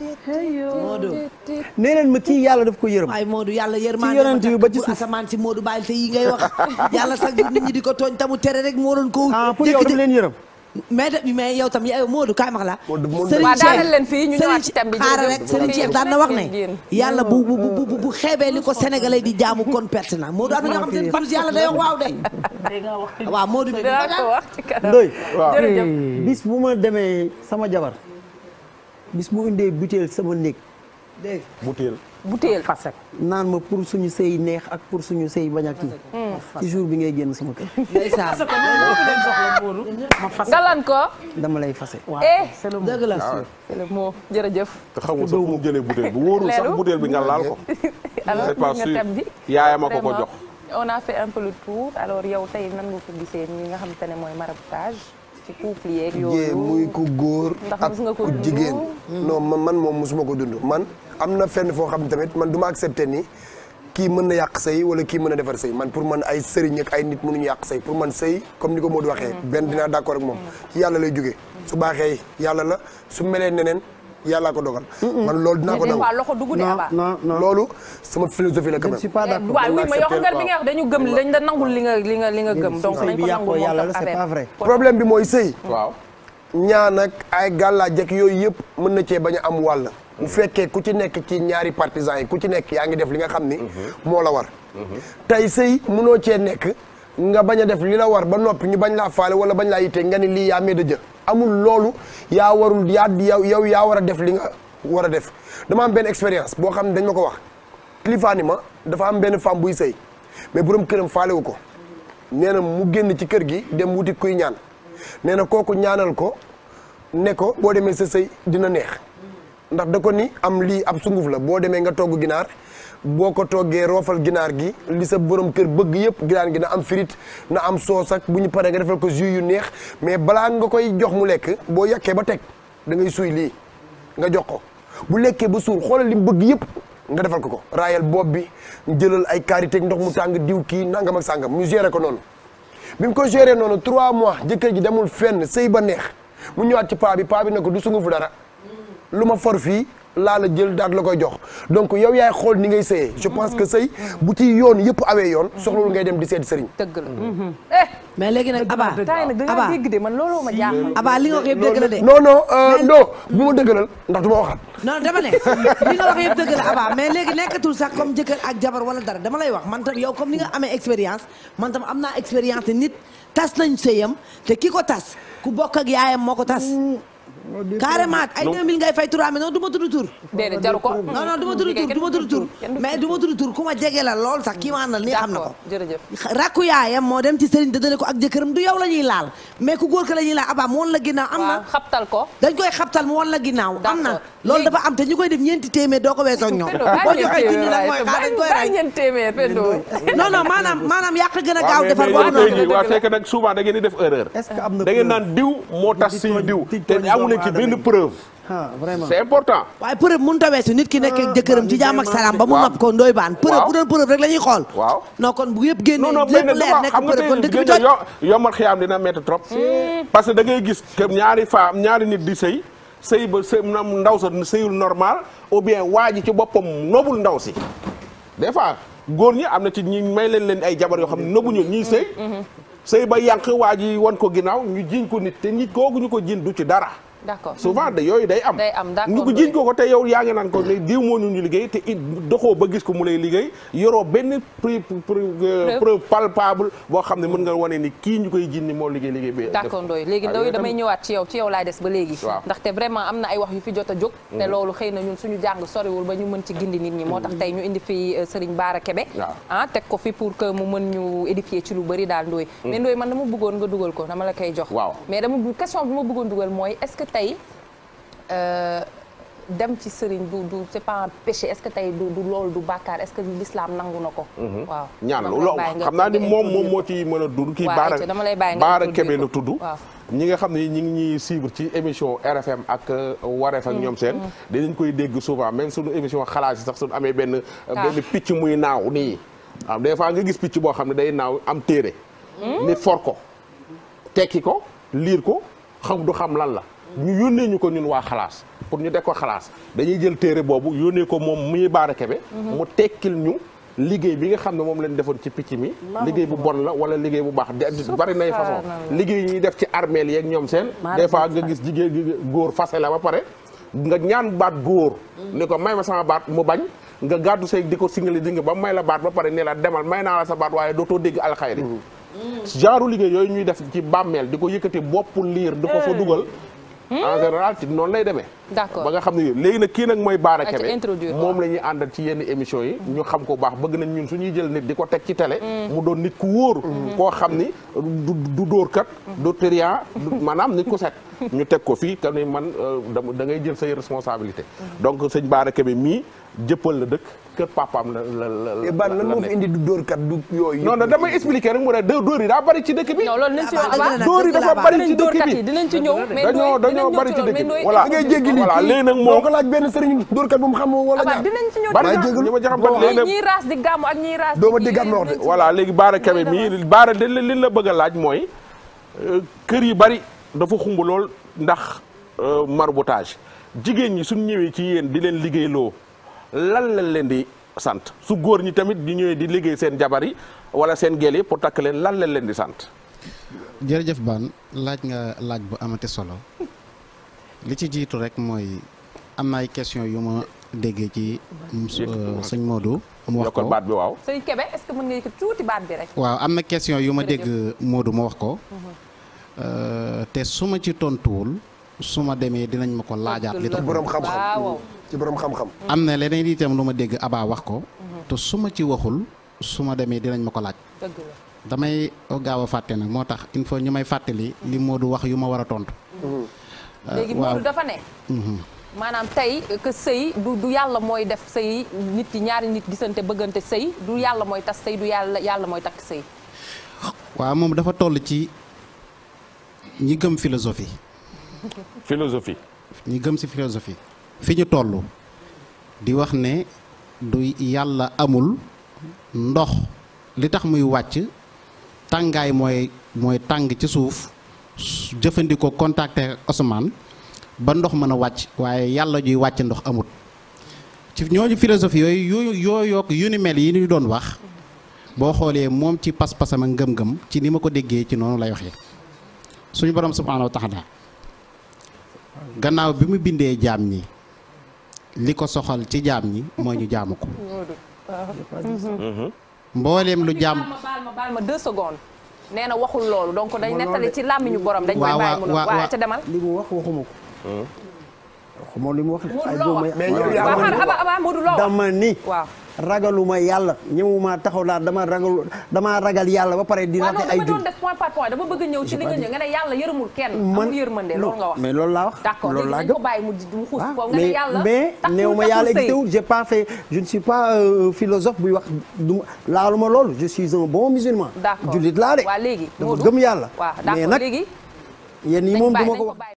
Moodu nee leen ma kii yàlla def ko yërëm waaye Moodu yàlla yërmaande ci yonent bi ba ci suuf asamaan si Moodu bàyyil te yi ngay wax yàlla sax nit ñi di ko tooñ tamu tere rek moo doon ko ah pour leen yërëm mais de mais yow tam yow Moodu kaay max la Serigne Cheikh leen fii ñu ñëwaat ci thème bi xaaral rek Serigne na wax ne yàlla bu bu bu bu ko sénégalais di jaamu kon perte na Moodu am na ñoo xam ne bus yàlla day wax waaw de waaw Moodu bi doy bis bu ma demee sama jabar bis bu indee butéel sama néeg dégg butéel butéel fas naan ma pour suñu sëy neex ak pour suñu sëy bañ a kii mm. ci bi ngay génn sama kër galan ko dama lay fase eh. dëgg la a le mot jërëjëf te xamul sax mu jëlee butéel bi wóorul sax butéel bi nga laal ko c'est pas ko ko jox on a fait un peu le tour alors yow tey nan nga ko gisee ñi nga xam te ne mooy maraboutage ci couple yeeg yooyu muy ku góor ak ku jigéen non man moom mosuma ko dund man am na fenn foo xam ne tamit man du ma accepté ni kii mën na yàq say wala kii mën na defar sëy man pour man ay sëriñ ak ay nit mu mënuñu yàq say pour man sëy comme ni ko Modou waxee mm-hmm. benn dinaa d'accord ak moom ci yàlla lay jóge su baaxee yàlla la su melee neneen yàllaa ko dogal. man loolu dinaa ko loxo dugg de Abba. loolu sama philosophie la quand même. je ne suis xam nga li dañu gëm dañ la nangu li nga li nga li nga gëm. donc nañ ko nangu yàlla la c'est pas problème bi mooy sëy. waaw ñaan ak ay gàllaajek yooyu yëpp mën na cee bañ a am wàll. bu mm-hmm. fekkee ku ci nekk ci ñaari partisans yi ku ci nekk yaa ngi def li nga xam ni. Mm-hmm. moo la war. Mm-hmm. tey sëy mënoo cee nekk nga bañ a def li la war ba noppi ñu bañ laa faale wala bañ laa yittee nga ni lii yaa mee da jël amul loolu yaa warul yaa yow yaa war a def li nga war a def dama am benn expérience boo xam ne dañ ma ko wax kilifaani ma dafa am benn femme buy sëy mais borom këram faalewu ko nee na mu génn ci kër gi dem wuti kuy ñaan nee na kooku ñaanal ko ne ko boo demee sa sëy dina neex ndax da ko ni am lii ab sunguf la boo demee nga togg ginaar boo ko toggee roofal ginaar gi li sa borom kër bëgg yëpp ginaar gi na am frite na am soos ak bu ñu paree nga defal ko jus yu neex mais balaa nga koy jox mu lekk boo yàkkee ba teg da ngay suy lii nga jox ko bu lekkee ba suur xoolal li mu bëgg yëpp nga defal ko ko raayal bopp bi jëlal ay karité ndox mu tàng diw kii nangam ak sàngam mu géré ko noonu bi mu ko géré noonu trois mois jëkkër ji demul fenn sëy ba neex mu ñëwaat ci paa bi paa bi ne ko du sungufu dara lu ma for fii laa la jël daat la koy jox donc yow yaay xool ni ngay sëyee je pense que say bu ci yoon yëpp awee yoon soxlawul ngay dem di seet sëriñ dëgg eh. Eh. mais léegi nag Aba Aba man looloo ma jaaxal Aba li nga wax yëpp dëgg la de non non euh, non bu ma dëggalal ndax du ma dama ne li wax yëpp dëgg la Aba mais léegi nekkatul sax comme jëkkër ak jabar wala dara dama lay wax man tam yow comme ni nga amee expérience man tam am naa expérience nit tas nañ sëyam te ki ko tas ku bokk ak yaayam moo ko tas mm. carrément ay 2000 ngay fay 3000 non du ma tudd tur. déedéet jaru ko tur ku ma jege la lool sax kii ma nii xam na ko. rakku yaayam moo dem ci sëriñ dëddale ko ak jëkkëram du yow la ñuy laal mais ku góor ka la ñuy laal abaa mu woon la am na. xaptal ko dañ koy xaptal mu woon dafa am te ñu koy def ñeenti téeméer doo ko weesoo ñoom. boo joxee junni nag mooy xaar dañ koy rey ñeenti téeméer non maanaam yàq gën a gaaw defar boobu noonu. waaw fekk nag souvent da ngeen def indi ci benn preuve. ah vraiment c'est important. waaye preuve mënut a weesu nit ki nekk ah, jëkkëram ci jaam ak salaam ba mu mab ko ndoy baan. waaw preuve bu doon preuve la ñuy xool. waaw non kon bu yëpp génnee. lépp leer nekk preuve kon dëkk bi xiyaam dina métti trop. parce que da ngay gis que ñaari femme ñaari nit di sëy sëy ba ndaw sa sëyul normal ou bien waa ci boppam nobul ndaw si des fois ñi am na ci may leen ay jabar yoo xam ne nëbuñu sëy mm-hmm. sëy ba yànq waa wan ko ginnaaw ñu jiñ ko nit te ñu ko jiñ d'accord souvent yooyu day am. day am d'accord ñu ko jiñ ko ko te yow yaa ngi naan ko diw moo ñu ñu liggéey te it doxoo ba gis ko mu lay liggéey yoroo benn preuve palpable boo xam ne mën nga wane ni kii ñu koy jiñ ni moo liggéey liggéey bi. d'accord Ndoye léegi ah, Ndoye damay ñëwaat ci yow ci yow laay des ba léegi. waaw ndaxte vraiment am na ay wax yu fi jot a jóg. Mhm. te loolu xëy na ñun ñu jàng soriwul ba ñu mën ci gindi nit ñi moo tax mhm. tey ñu indi fi euh, Serigne Bara Kebe. ah teg fi pour que mu mën ñu édifier ci lu bari daal Ndoye mais mhm. Ndoye man dama bëggoon nga dugal ko dama la koy jox. waaw tey euh, dem ci sëriñ du du c'est pas un péché est-ce que tey du du loolu du bàkkaar est-ce que l'islam nangu na ko. Mhm. waaw ñaan loolu xam naa ni moom moom moo ci mën a dund. kii baara baara kebe la tudd. ñi nga xam ne ñi ngi ñuy suivre ci émission RFM ak euh, Wareef ñoom mm, seen. Mm. dinañ koy dégg souvent même sunu émission xalaat sax su sunu amee benn. Ah. benn picc muy naaw nii. am des fois nga gis picc boo xam ne day naaw am téere. Mm. ni for ko. tekki ko liir ko xam du xam lan la. ñu yónnee ñu ko ñun waa xalaas pour ñu def ko xalaas dañuy jël téere boobu yónnee ko moom muy baara kebe mhm. mu tekkil ñu liggéey bi nga xam ne moom lañ defoon ci picc mi liggéey bu bon la wala liggéey bu baax bari nay façon liggéey ñuy def ci armeel yeeg ñoom seen des fois nga gis jigéen góor fase la ba pare nga ñaan baat góor mhm. ni ko may ma sama baat mu bañ nga gàddu say di ko singali di nga ba may la baat ba pare ne la demal may naa la sa baat waaye dootoo dégg alxayri mhm. genre liggéey yooyu ñuy def ci bàmmeel di ko yëkkati bopp liir di ko fa eh. dugal en général ci noonu lay demee. d'accord ba nga xam ne léegi nag kii nag mooy Baara Kebe moom la ñuy àndal ci yenn émission yi ñu xam ko baax bëgg nañ ñun suñuy jël nit di ko teg ci télé mm. mu doon nit ku wóor mm-hmm. koo xam ni du kat mm-hmm. du trian maanaam nit ku set ñu teg ko fii te ni man euh, da ngay jël say responsabilité mm-hmm. donc sëñ Baara Kebe mii jëppal la dëkk kër papaam la la la ban lan moo fi indi du dóorkat du yooyu non non damay expliquer rek mu ne dóor yi daa bari ci dëkk bi non loolu nañ ci wax dóor bari ci dëkk bi ñëw dañoo dañoo bari ci dëkk voilà léegi nag moom laaj benn sëriñ dóorkat bu mu xam wala ñaar dinañ ci ñëw ñi ma jaxam kat léegi ñi raas di gàmm ak ñi raas dooma déggaat ma wax de voilà léegi baara kame mii baara de li la bëgg a laaj mooy euh, kër yi bari dafa xumb lool ndax euh, marbotage jigéen ñi suñ ñëwee ci yéen di leen liggéeyloo lan lañ leen di sant su góor ñi tamit di ñëwee di liggéey seen jabar yi wala seen gel yi pour takk leen lan lañ leen di sant jërëjëf baan laaj nga laaj bu amate solo li ci jiitu rek mooy am na ay question yu ma déggee ci euh, sëñ Modou mu wax ko baat am na question yu ma dégg Modou mu wax ko mhm. euh, te su ma ci tontuwul su ma demee dinañ ma ko laajaat li tax mhm. am na leneen itam lu ma dégg Aba wax ko mhm. te su ma ci waxul su ma demee dinañ ma ko laaj damay gaaw a fàtte nag moo tax il faut ñu may fàttali li Modou wax yu ma war a tontu Ah, léegi Modou dafa ne. Mhm. maanaam tey que sëy du yàlla mooy def sëy nit yi ñaari nit gisante bëggante sëy du yàlla mooy tas sëy du yàlla mooy takk sëy. waaw moom dafa toll ci ñi gëm philosophie. philosophie. ñi gëm si philosophie. fi ñu toll di wax ne du yàlla amul ndox li tax muy wàcc tàngaay mooy mooy tàng ci suuf. jëfandikoo contacter Ousmane ba ndox mën a wàcc waaye yàlla juy wàcc ndox amut ci ñooñu philosophie yooyu yooyu yooyook yu ni mel yi ñu doon wax boo xoolee moom ci pas-pasam ak ngëm-ngëm ci ni ma ko déggee ci noonu lay waxee suñu borom subhaanahu tax taala gannaaw bi mu bindee jaam ñi li ko soxal ci jaam ñi mooy ñu jaamu ko mm-hmm. Mm-hmm. mbooleem lu jaam baal ma nee na waxul loolu donc dañ nettali ci làmmiñu borom dañ koy bàyyi mu ne waaw ca demal li mu wax waxuma ko hmm? xamoo li mu wax ay dama ni waaw ragaluma yàlla ñëwuma taxaw naa dama ragal damaa ragal yàlla ba pare. di raté ay jur waaw non dama doon def point par point a ñëw ci li nga ñëw nga ne yàlla yërëmul kenn. amul yërmande loolu nga wax mais loolu laa wax. d'accord léegi nañu ko bàyyi mu mu xuus ah, foofu nga ne yàlla mais néew ma yàlla existé wul j'ai pas fait je ne suis pas euh, philosophe buy wax du laaluma lool je suis un bon musulman. d'accord jullit laa de. waaw léegi gëm yàlla. waaw d'accord yenn yi moom duma ko wax.